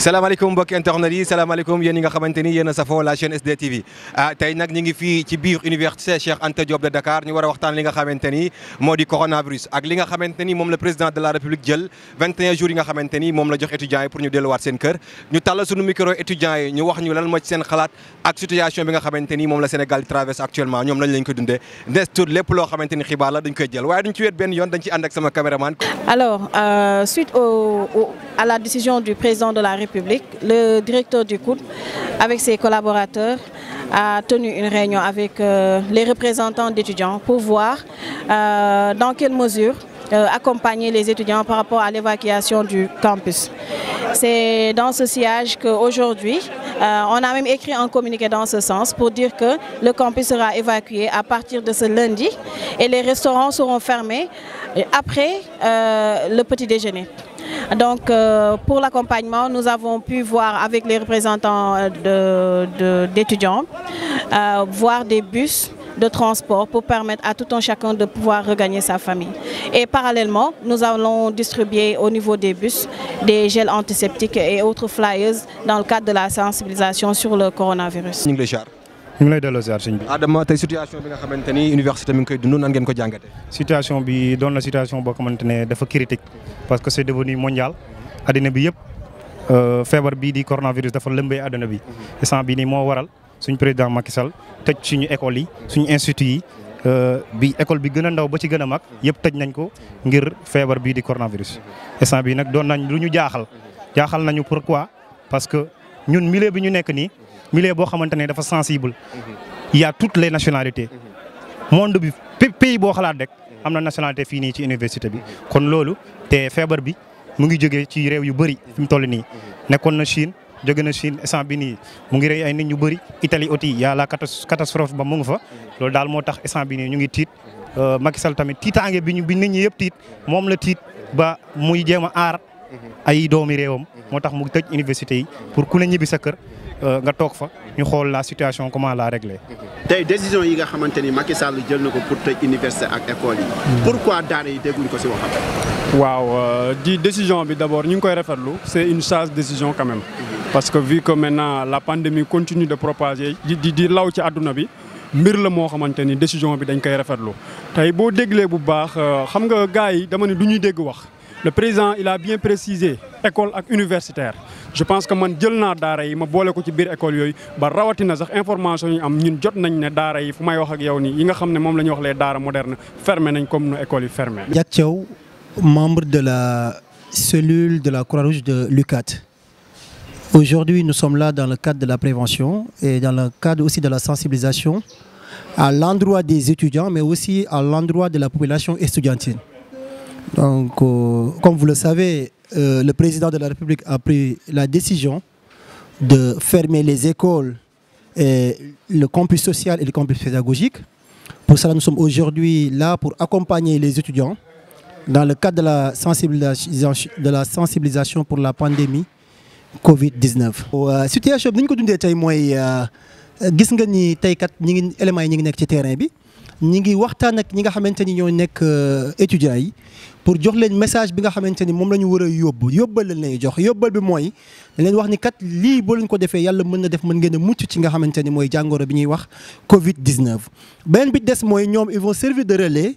salaamaaleykum mbokki internet yi salaamaaleykum yéen ñi nga xamante ni yéen a la chaîne SD TV ah tey nag ñu ngi fii ci biir université Cheikh Anta Diop de Dakar ñu wara a waxtaan li nga xamante ni moo di coronavirus ak li nga xamante ni moom président de la république jël 21 jours yi nga xamante ni moom la jox étudiants yi pour ñu delluwaat seen kër ñu tàllal suñu micro étudiants yi ñu wax ñu lan moo ci seen xalaat situation Sénégal actuellement alors euh, suite à la décision du président de la République le directeur du Coup, avec ses collaborateurs a tenu une réunion avec euh, les représentants d'étudiants pour voir euh, dans quelle mesure accompagner les étudiants par rapport à l'évacuation du campus. C'est dans ce sillage qu'aujourd'hui euh, on a même écrit un communiqué dans ce sens pour dire que le campus sera évacué à partir de ce lundi et les restaurants seront fermés après euh, le petit déjeuner. Donc, euh, pour l'accompagnement, nous avons pu voir avec les représentants d'étudiants, voir des bus de transport pour permettre à tout un chacun de pouvoir regagner sa famille. Et parallèlement, nous allons distribuer au niveau des bus des gels antiseptiques et autres flyers dans le cadre de la sensibilisation sur le coronavirus. ñu ngi lay delloo ziar sëñ bi. Adama tey situation bi nga xamante université mi koy dund nan ngeen ko jàngatee. situation bi doon La situation boo xamante dafa critique parce que c'est devenu mondial addina bi yëpp euh, feebar bii di coronavirus dafa de addina bi instant bii nii moo waral. suñ président Macky Sall tëj suñu école yi suñu institut yi euh, bi école bi gën a ndaw ba ci gën a mag yëpp tëj nañ ko ngir feebar bii di coronavirus. instant bii nag doon nañ lu ñu jaaxal jaaxal nañu pourquoi parce que ñun milieu bi ñu nekk nii milieu boo xamante ne dafa sensible il y a toutes les nationalités monde bi pays boo xalaat rek am na nationalité fii nii ci université bi kon loolu te feebar bi mu ngi jóge ci réew yu bëri fi toll nii nekkoon na Chine. jóge na Chine instant bi nii mu ngi rey ay nit ñu bëri Italie aussi y a la catastrophe ba mu ngi fa loolu daal moo tax instant bi nii ñu ngi tiit euh, Macky Sall tamit tiitaange bi ñu bi nit ñi yëpp tiit moom la tiit ba muy jéem a aar ay doomi réewam moo tax mu tëj université yi pour ku ne ñibbi sa kër euh, nga toog fa ñu xool la situation comment la régler. tey décision yi nga xamante ni Macky Sall jël na ko pour tëj université ak école yi. pourquoi daara yi dégguñ ko waaw euh, di décision bi d' abord ñu ngi koy rafetlu c' une sage décision quand même. parce que vu que maintenant la pandémie continue de propager di di law ci aduna bi mbir la mo xamanteni décision bi dañ koy rafetlu tay bo déglee bu baax euh, xam nga gaay dama ne duñu dégg wax le président il a bien précisé école ak universitaire je pense que man jël naa daara yi ma boole ko ci biir école yooyu ba rawatina sax information yi am ñun jot nañ ne daara yi fu may wax ak yow ni yi nga xam ne moom la ñuy wax les daara moderne fermé nañ comme nu école yi fermé. Diack membre de la cellule de la Croix-Rouge de Lucat. Aujourd'hui, nous sommes là dans le cadre de la prévention et dans le cadre aussi de la sensibilisation à l'endroit des étudiants, mais aussi à l'endroit de la population estudiantine. Donc, euh, comme vous le savez, euh, le président de la République a pris la décision de fermer les écoles, et le campus social et le campus pédagogique. Pour cela, nous sommes aujourd'hui là pour accompagner les étudiants dans le cadre de la sensibilisation pour la pandémie Covid 19. situation bi ni ñu ko dundee tey mooy euh, gis nga ni teykat kat ñi ngi éléments yi ñi ngi nekk ci terrain bi ñi ngi waxtaan ak ñi nga xamante ni ñoo nekk euh, étudiants yi pour jox leen message bi nga xamante ni moom la ñu war a yóbbu yóbbal lañ lay jox yóbbal bi mooy leen wax ni kat lii boo leen ko defee yàlla mën na def mën ngeen a mucc ci nga xamante ni mooy jàngoro bi ñuy wax Covid 19. beneen bi des mooy ñoom ils vont servir de relais.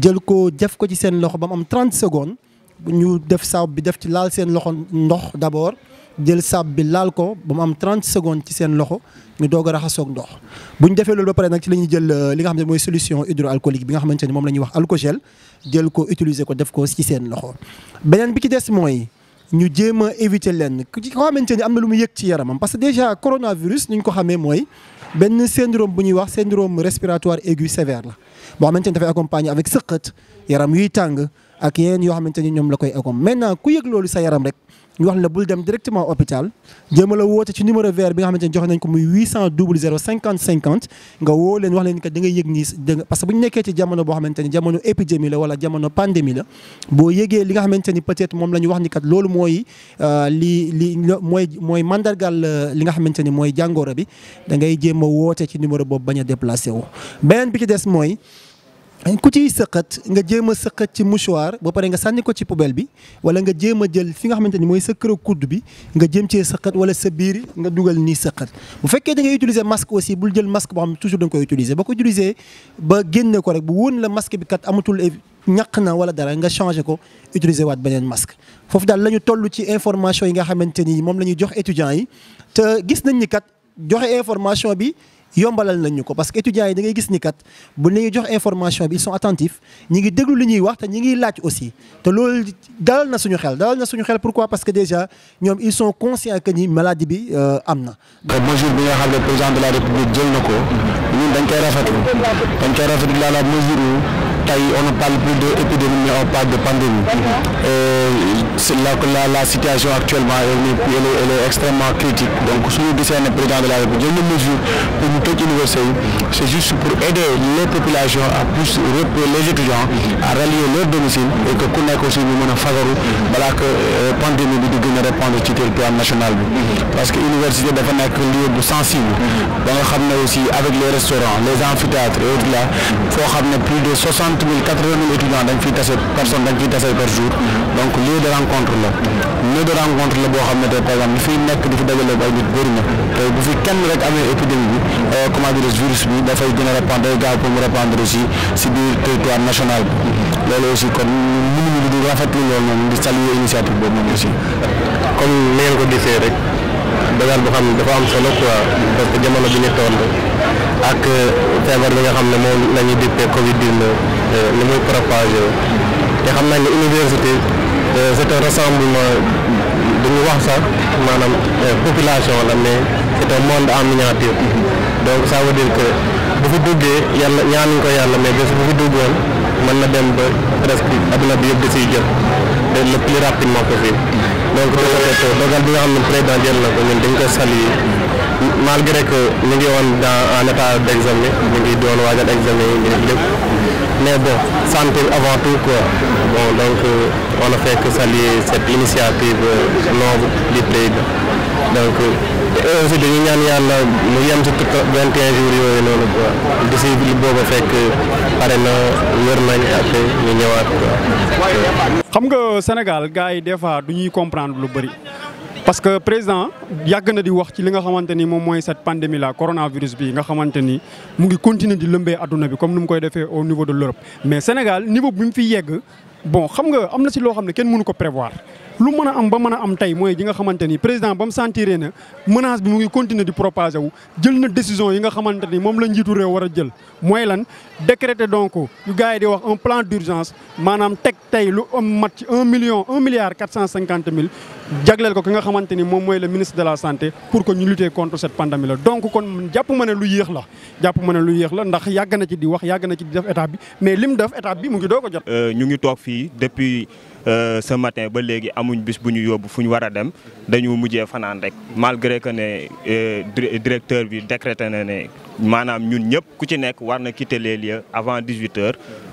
jël ko jëf ko ci seen loxo ba mu am 30 secondes ñu def saabu bi def ci laal seen loxo ndox d'abord jël saabu bi laal ko ba mu am 30 secondes ci seen loxo ñu doog a raxasoog ndox bu ñu defee loolu ba pare nag ci la ñuy jël euh, li nga xam ne mooy solution hydroalcoolique bi nga xamante ni moom la ñuy wax alcogel jël ko utiliser ko def ko ci seen loxo beneen bi ci des mooy. ñu jéem a éviter lenn ku nga xamante ni am na lu mu yëg ci yaramam parce que déjà coronavirus ni ñu ko xamee mooy benn syndrome bu ñuy wax syndrome respiratoire aigu sévère la boo xamante ni dafay accompagner avec sëqët yaram yuy tàng ak yeneen yoo xamante ni ñoom la koy écom maintenant ku yëg loolu sa yaram rek ñu wax la bul dem directement hôpital jéem a la woote ci numéro vert bi nga ko muy 800 00 50 50 nga woo leen wax leen nga yëg nii da parce que bu ñu nekkee ci jamono boo xamante ni jamono épidémie la wala jamono pandémie la boo yëgee li nga xamante ni peut-être moom la ñu wax ni kat loolu mooy euh, li li mooy mooy euh, li nga xamante ni mooy jàngooro bi dangay ngay jéem a woote ci numéro boobu bañ a déplacé wu beneen bi ci des mooy ku ciy sëqat nga jéem a sëqat ci mouchoir ba pare nga sànni ko ci poubelle bi wala nga jéem a jël fi nga xamante ni mooy sa kër kudd nga jéem cee sëqat wala sa biir nga dugal nii sëqat bu fekkee da ngay utiliser masque aussi bul jël masque boo xam ne toujours da nga koy utiliser boo ko ba génne ko rek bu wóon la masque bi kat amatul ñàq na wala dara nga changé ko utiliser waat beneen masque foofu daal la ñu toll ci information yi nga xamante ni moom la ñuy jox étudiants yi te gis nañ ni kat joxe information bi yombalal nañu ko parce que étudiants yi da ngay gis ni kat bu ñu jox information bi ils sont attentifs ñi ngi déglu li ñuy wax té ñi ngi laaj aussi té lool dalal na suñu xel dalal na suñu xel pourquoi parce que déjà ñom ils sont conscients que ni maladie bi euh, am na. mesure bi nga xam ne président de la république jël nako ñun dañ koy rafetlu dañ koy rafetlu la mesure on ne parle plus d'épidémie, mais on parle de pandémie. Et euh, là, la, la, situation actuellement est, extrêmement critique. Donc, si nous disons, le président de la République, une mesure pour nous les universités, c'est juste pour aider les populations à plus les étudiants à rallier leur domicile et que nous aussi nous en faveur voilà que la euh, pandémie de gagner répondre sur le territoire national. Parce que l'université doit être un lieu sensible. Donc, on aussi avec les restaurants, les amphithéâtres et autres là, il faut plus de 60 soixante mille quatre vingt mille personne dañ fiy tase par jour donc lieu de rencontre la lieu de rencontre la boo xam ne tey par exemple nekk di fi dajale ay nit bëri bu fi kenn rek amee épidémie bi euh, dafay gën a répandre day gaaw si biir territoire national bi loolu aussi comme ni ko gisee rek dagaal boo xam ne dafa am solo quoi parce que jamono bi ñu toll ak euh, feebar bi nga xam ne moom la ñuy Covid 19. li euh, muy propagé te xam nañ ne université euh, c'est un rassemblement duñu wax sax maanaam euh, population la mais c'est un monde en miniature donc ça veut dire que bu fi duggee yàlla ñaanuñ ko yàlla mais bés bu fi duggoon mën na dem ba presque adduna bi yëpp da siy jël de le plus rapidement possible donc dogal bi nga xam ne président jël na ko ñun dañ ko saluer malgré que ñu ngi woon dans en état d'examen ñu ngi doon waajal examen yi lépp santé avant tout quoi. Bon, donc euh, on a fait que saluer cette initiative nous euh, les Donc euh, aussi ñaan que mu de quoi Sénégal gars des comprendre parce que président yàgg na di wax ci li nga xamante ni moom mooy cette pandémie là coronavirus bi nga xamante ni mu ngi continuer di lëmbee adduna bi comme nous mu koy defee au niveau de l'Europe mais Sénégal niveau bi mu fi bon xam nga am na si loo xam ne kenn mënu ko prévoir lu meuna am ba meuna am tay moy ji nga xamanteni président bam mu sentiré na menace bi mu ngi continuer di propager wu jël na décision yi nga xamanteni mom la njitu rew wara jël moy lan décréter donc yu gaay di wax un plan d'urgence manam tek tay lu am mat ci 1 million 1 milliard quatre cent cinquante ko ki nga xamanteni mom moy le ministre de la santé pour que ñu lutter contre cette pandémie là donc kon japp ma ne lu yéex la japp ma ne lu yéex la ndax yag na ci di wax yag na ci di def état bi mais lim def état bi mu ngi doo jot euh ñu ngi tok fi depuis euh, ce matin ba légui amuñ bis buñu yobbu yóbbu wara dem dañu mujjé fanaan rek malgré que né euh, directeur bi décrété né ne maanaam ñun ñëpp ku ci nekk war na quitter les lieux avant 18 h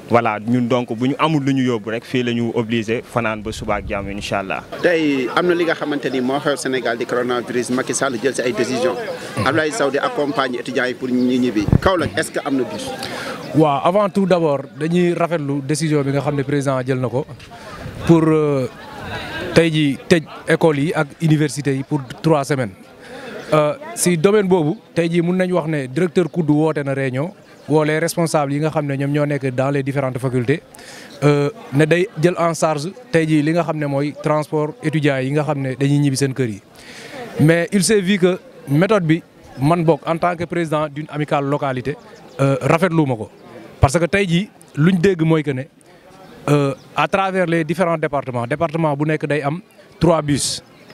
voilà ñun donc buñu ñu amul lu ñu rek fi lañu ñu obligé fanaan ba suba ak jamm inshallah tay amna li nga xamanteni mo xew Sénégal di coronavirus Macky Sall jël ci ay décisions. Abdoulaye Sow di accompagne étudiant yi pour ñi ñibbi Kaolack est-ce que amna bis wa avant tout d'abord dañuy rafetlu décision bi nga xamné président jël nako pour euh, tey jii tëj école yi ak université yi pour trois semaines euh, si domaine boobu tey jii mun nañ wax ne directeur Koudou woote na réunion woo responsable. responsables yi nga xam ne ñoom ñoo nekk dans les différentes facultés euh, ne day jël en charge tey jii li nga xam ne transport étudiants yi nga xam ne dañuy ñibbi seen kër yi mais il s'est vu que méthode bi man bokk en tant que président d'une amicale localité rafetlu ma ko parce que tey jii luñ dégg mooy que ne. Euh, à travers les différents départements département bu nekk day am trois bus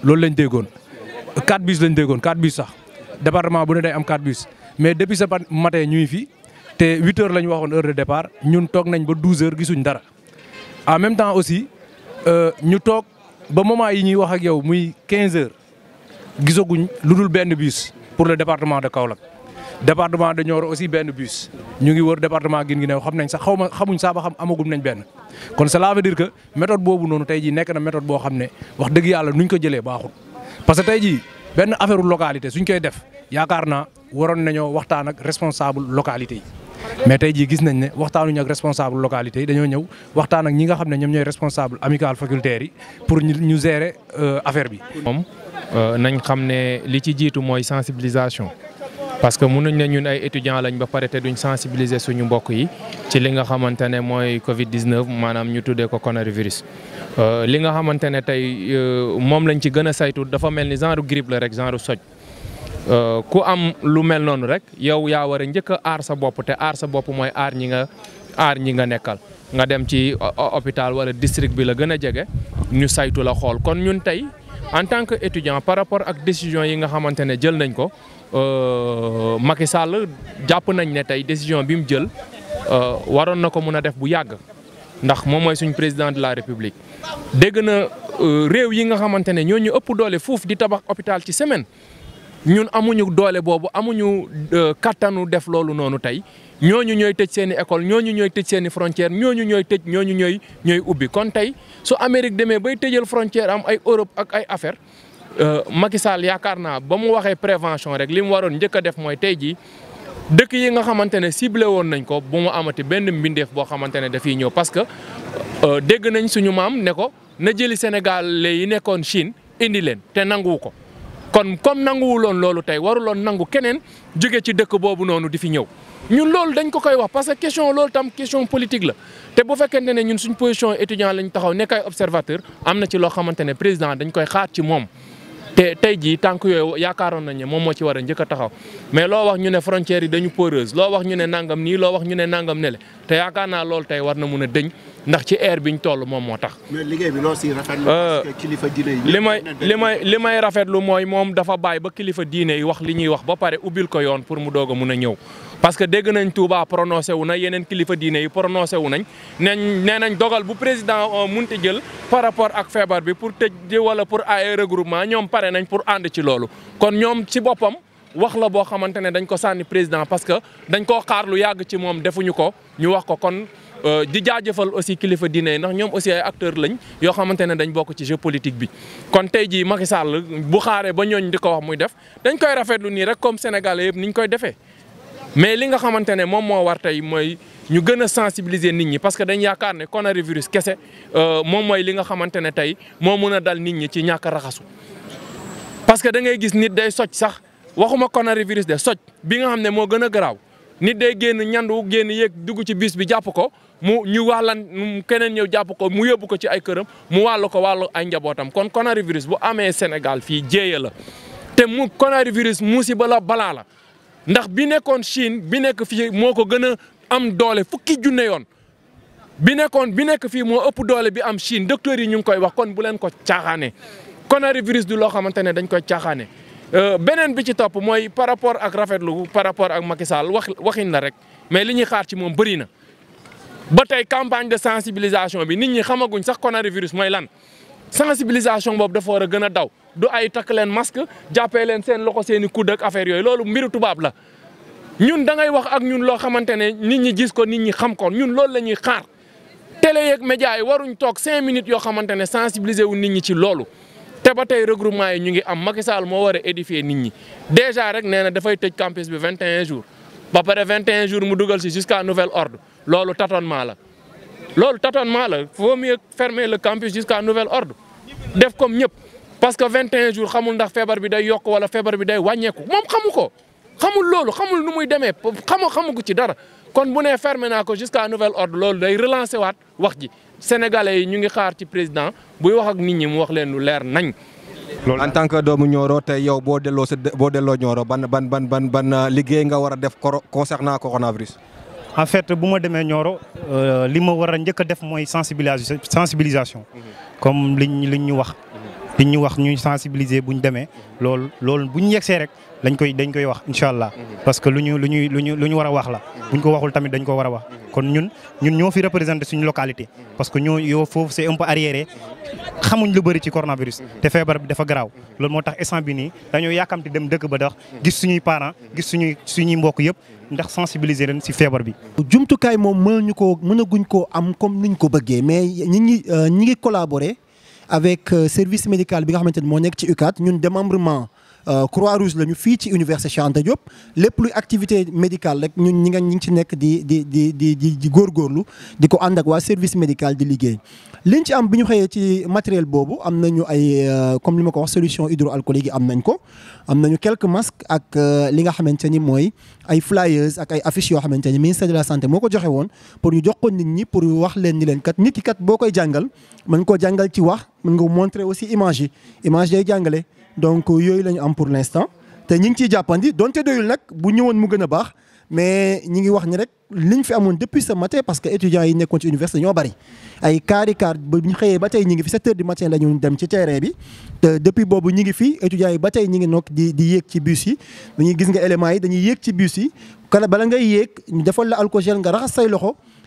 loolu lañ déggoon quatre bus lañ déggoon quatre bus sax département bu ne day am quatre bus mais depuis ce matin ñuy fi te huit heures la ñu heure de départ ñun toog nañ ba h heures gisuñ dara en même temps aussi euh, ñu toog ba moment yi ñuy wax ak yow muy quinze heures gisaguñ lu bus pour le département de Kaolack département de ñor aussi benn bus ñu ngi wër département Guinguinéo xam nañ sax xaw ma xamuñ sax ba xam amagum nañ benn kon cela veut dire que méthode boobu noonu tey jii nekk na méthode boo xam ne wax dëgg yàlla nuñ ko jëlee baaxul parce que tey jii benn affaire localité suñ koy def yaakaar naa waroon nañoo waxtaan ak responsable localité yi mais tey jii gis nañ ne waxtaanuñu ak responsable localité yi dañoo ñëw waxtaan ak ñi nga xam ne ñoom ñooy responsable amical facultaire yi pour ñu gérer euh, affaire bi. moom euh, nañ xam ne li ci jiitu mooy sensibilisation. parce que mënuñ ne ñun ay étudiants lañ ba pare te duñ sensibiliser suñu mbokk yi ci li nga xamante ne mooy Covid 19 maanaam ñu tuddee ko coronavirus. Euh, li nga xamante ne tey euh, moom lañ ci gën a saytu dafa mel ni genre grippe la rek genre soj euh, ku am lu mel noonu rek yow yaa war a njëkk aar sa bopp te aar sa bopp mooy aar ñi nga aar ñi nga nekkal. nga dem ci hôpital wala district bi la gën a jege ñu saytu la xool kon ñun tey en tant que étudiant par rapport ak décision yi nga xamante ne jël nañ ko. Euh, Macky Sall jàpp nañ ne tey décision bi mu jël euh, waroon na ko mun a def bu yàgg ndax moom mooy suñ président de la république dégg na euh, réew yi nga xamante ne ñoo ñu ëpp doole fuuf di tabax hôpital ci semaine ñun amuñu doole boobu amuñu kattanu def loolu noonu tey ñooñu ñooy tëj seen école ñooñu ñooy tëj seeni i frontière ñooñu ñooy tëj ñooñu ñooy ñooy ubbi kon tey su Amérique demee bay tëjal frontière am ay Europe ak ay affaire Euh, Macky Sall yaakaar naa ba mu waxee prévention rek li mu waroon njëkk a def mooy tey jii dëkk yi nga xamante ne ciblé woon nañ ko bu mu amati benn mbindeef boo xamante ne dafiy ñëw parce que euh, dégg nañ suñu maam ne ko na jëli sénégalais yi nekkoon Chine indi leen te nanguwu ko kon comme nanguwuloon loolu tey waru waruloon nangu keneen jóge ci dëkk boobu noonu difi ñëw. ñun loolu dañ ko koy wax parce que question loolu tam question politique la te bu fekkente ne ñun suñ position étudiant lañ taxaw nekk ay am na ci loo xamante ne président dañ koy xaar ci moom. te tey jii tànk yooyu yaakaaroon nañ ne moom moo ci war a njëkk a taxaw mais loo wax ñu ne frontières yi dañu poreuse loo wax ñu ne nàngam nii loo wax ñu ne nangam ne le te yaakaar naa loolu tey war na mun a dëñ ndax ci aire bi ñu toll moom moo tax. mais liggéey bi loo si rafetlu euh, kilifa diine li may li may li may rafetlu mooy moom dafa bàyyi ba kilifa diine yi wax li ñuy wax ba pare ubbil ko yoon pour mu doog a mun a ñëw parce que dégg nañ Touba prononcé wu na yeneen kilifa diine yi prononcé wu nañ neñ nañ dogal bu président euh, munti jël par rapport ak fébar bi pour tëj di wala pour ay regroupement ñom paré nañ pour and ci lolu kon ñom ci bopam wax la bo xamantene dañ ko sànni président parce que dañ ko xaar lu yàgg ci mom defuñu ko ñu wax ko kon euh, di jaajëfal aussi kilifa diine yi ndax ñoom aussi ay acteur lañ yo xamantene dañ bok ci jeu politique bi kon tay ji Macky Sall bu xaré ba ñooñ diko wax muy def dañ koy rafetlu ni rek comme sénégalais yépp niñ koy défé mais li nga xamante ne moom moo war tey mooy ñu gën a sensibiliser nit ñi parce que dañ yaakaar ne coronavirus kese euh, moom mooy li nga xamante ne tey moo mën a dal nit ñi ci ñàkk raxasu parce que da ngay gis nit day soj sax waxuma coronavirus de soj bi nga xam ne moo gën a garaaw nit day génn ñandu génn yéeg dugg ci bis bi jàpp ko mu ñu wàllan keneen ñëw jàpp ko mu yóbbu ko ci ay këram mu wàllu ko wàllu ay kon coronavirus bu amee Sénégal fii jéeya la te mu coronavirus musiba la balaa la ndax bi nekkoon Chine bi nekk fii moo ko gën a am doole fukki junne yoon bi nekkoon bi nekk fii moo ëpp doole bi am Chine docteur yi ñu ngi koy wax kon bu leen ko caaxaanee coronavirus du loo xamante ne dañ koy caaxaane euh, beneen bi ci topp mooy par rapport ak rafetlu par rapport ak Macky wax waxin la rek mais li ñuy xaar ci moom bëri na ba tey campagne de sensibilisation bi nit ñi xamaguñ sax coronavirus mooy lan. sensibilisation boobu dafa war a gën a daw du ay takk leen masque jàppee leen seen loxo seeni i coude ak affaire yooyu loolu mbiru tubaab la. ñun da ngay wax ak ñun loo xamante ne nit ñi gis ko nit ñi xam ko ñun loolu la ñuy xaar télé yeeg média yi waruñ toog cinq minutes yoo xamante ne sensibiliser wu nit ñi ci loolu. te ba tey regroupement yi ñu ngi am Macky Sall moo war a édifier nit ñi déjà rek nee na dafay tëj campus bi 21 jours ba pare 21 jours mu dugal si jusqu'à nouvel ordre loolu tâtonnement la. Lol, tâtonnement la vaut mieux fermer le campus jusqu'à nouvel ordre def comme ñep parce que 21 jours xamul ndax feebar bi day yok wala feebar bi day wàññeeku mom xamuko ko xamul lolou xamul nu muy démé xamo xamagu ci dara kon bu né fermé naa ko jusqu'à nouvel ordre lolou day relancer wat wax ji sénégalais yi ñu ngi xaar ci président buy wax ak nit ñi mu wax len lu leer nañ. en tant que doomu Nioro tay yow bo delloo bo boo delloo ban ban ban ban ban euh, liggéey nga wara def concernant coronavirus. En fait, si je suis Nioro, ce que je veux faire, c'est sensibilisation. Mhm. Comme ce que nous di wax ñu sensibiliser buñ démé lool lool buñ bu rek lañ koy dañ koy wax inshallah mhm. parce que luñu luñu luñu luñu wara wax la mhm. buñ ko waxul tamit dañ ko wara wax mhm. kon ñun ñun ñoo fi représenter suñu localité parce que ñoo yo fofu c'est un peu arriéré xamuñ lu bari ci coronavirus té fièvre bi dafa graw lool motax tax instant bi nii dañoo yàkkamti dem dëkk ba dox gis suñu parents gis suñu suñu mbokk yëpp ndax sensibiliser leen ci fièvre bi jumtu kay mom mënuñu ko mënaguñ ko am comme niñ ko bëggé mais ñi ngi euh, ñi ngi collaborer avec euh, service médical bi nga xamante ni moo nekk ci UCAD ñun démembrement euh, croix rouge la ñu fii ci université Cheikh Anta Diop lépp luy activité médicale rek ñun ñi nga ñi ci nekk di di di di di gor gorlu diko ko ak service médical di liguey liñ ci am bi ñu ci matériel bobu am nañu ay euh, comme li ko wax solution hydroalcoolique am nañ ko am nañu quelques masques ak euh, li nga xamanteni moy ay flyers ak ay affiches yo xamanteni ministère de la santé moko ko joxe woon pour ñu jox ko nit ñi pour wax leen ni leen kat nit ki kat boo jangal jàngal mën koo ci wax mën nga montrer aussi image image day jangalé donc euh, yooyu lañu am pour l'instant te ñi ngi ciy jàppandi donte doyul nag bu ñëwoon mu gën a baax mais ñi ngi wax ni rek liñ fi amoon depuis sa matin parce que étudiants yi nekkoon ci université ñoo bari ay kaari kaar ba ñu xëyee ba tey ñu ngi fi 7 heures du matin la dem ci terrain bi te depuis boobu ñi ngi fi étudiants yi ba tey ñi ngi nokk di di yéeg ci bus yi dañuy gis nga éléments yi dañuy yéeg ci bus yi kala bala ngay yéeg ñu defal la alcool gel nga raxas say loxo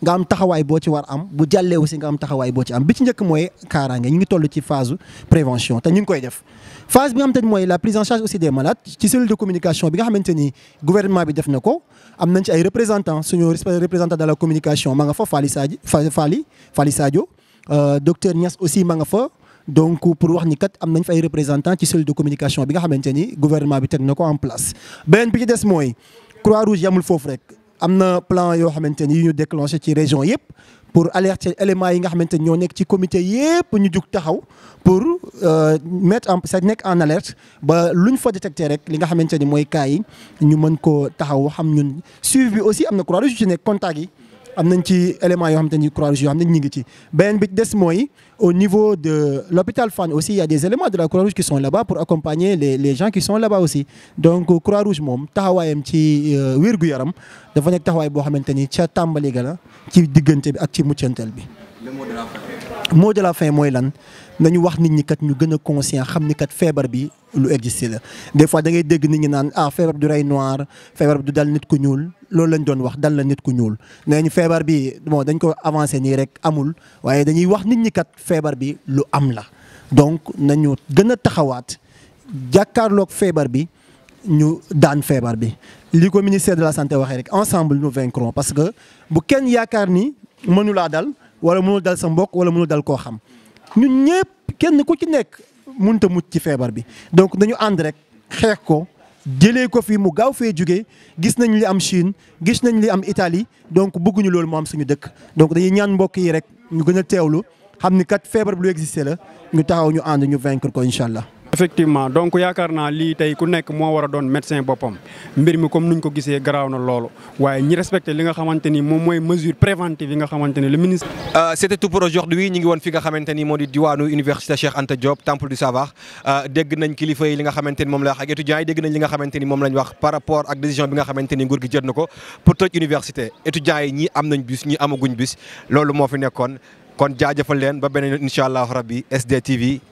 nga am taxaway bo ci war am bu jàllee aussi nga am taxaway bo ci am bi ci ñëk moy kaaraange ñu ngi tollu ci phase prévention té ñu ngi koy def phase bi nga xamante ni mooy la prise en charge aussi des malades ci cellule de communication bi nga xamanteni gouvernement bi def nako am nañ ci ay représentants suñu représentant de la communication ma nga fa Fally Sadio Fally Fally Sadio euh, docteur Niass aussi ma nga fa donc pour wax ni kat am nañ fa ay représentants ci cellule de communication bi nga xamanteni gouvernement bi tek nako en place beneen bi ci dess moy Croix-Rouge yamul fofu rek amna plan yo xamanteni ñu déclencher ci région yépp pour alerter élément yi nga xamanteni ni ñoo nekk ci comité yépp ñu juk taxaw pour euh, mettre en sa nek en alerte ba luñ fa détecté rek li nga xamanteni moy mooy cas yi ñu mën ko taxaw xam ñun suivi bi aussi amna na Croix-Rouge ci nek contact yi am ci éléments yoo xam te ni Croix-Rouge yoo xam ne ñu ngi ci beneen bi des mooy au niveau de l'hôpital Fann aussi il y a des éléments de la Croix-Rouge qui sont là-bas pour accompagner les les gens qui sont là-bas aussi donc Croix-Rouge moom taxawaayam ci euh, wergu yaram dafa nekk taxawaay boo xamante ni ca tàmbali ga la ci diggante bi ak ci muccanteel bi. mot de la fin mooy lan nañu wax nit ñi kat ñu gën a conscient xam ni kat feebar bi lu existé la des fois da ngay dégg nit ñi naan ah feebar du rey noir feebar bi du dal nit ku ñuul loolu lañ doon wax dal la nit ku ñuul nee ñu feebar bi bon dañ ko avancé nii rek amul waaye dañuy wax nit ñi kat feebar bi lu am la donc nañu gën a taxawaat jàkkaarloog feebar bi ñu daan feebar bi li ko ministère de la santé waxee rek ensemble nous vaincrons parce que bu kenn yaakaar ni mënu laa dal wala mënul dal sa mbokk wala mënul dal koo xam ñun ñëpp kenn ku ci nekk mënut mucc ci feebar bi donc nañu ànd rek xeex ko. jëlee ko fi mu gaaw fee jógee gis nañ li am Chine gis nañ li am itali donc bëgguñu loolu mu am suñu dëkk donc dañuy ñaan mbokk yi rek ñu gën a teewlu xam ni kat feebar bu lu la ñu taxaw ñu ànd ñu vaincre ko incha allah. effectivement donc yaakaar naa lii tey ku nek mo wara don médecin boppam mbir mi comme nuñ ko gisé garaaw na loolu waaye ñi respecté li nga xamanteni mom moy mesure préventive yi nga xamanteni le ministre. euh c'était tout pour aujourd'hui ñi ngi won fi nga xamanteni modi diwanu université Cheikh Anta Diop temple du savoir euh dégg nañ kilifa yi li nga xamanteni mom la wax ak étudiants yi dégg nañ li nga xamanteni mom lañ wax par rapport ak décision bi nga xamanteni ni nguur gi jël na pour toj université étudiants yi ñi am nañ bis ñi amaguñ bis lolu mo fi nekkoon kon jaajëfal leen ba beneen inshallah allah rabbi SDTV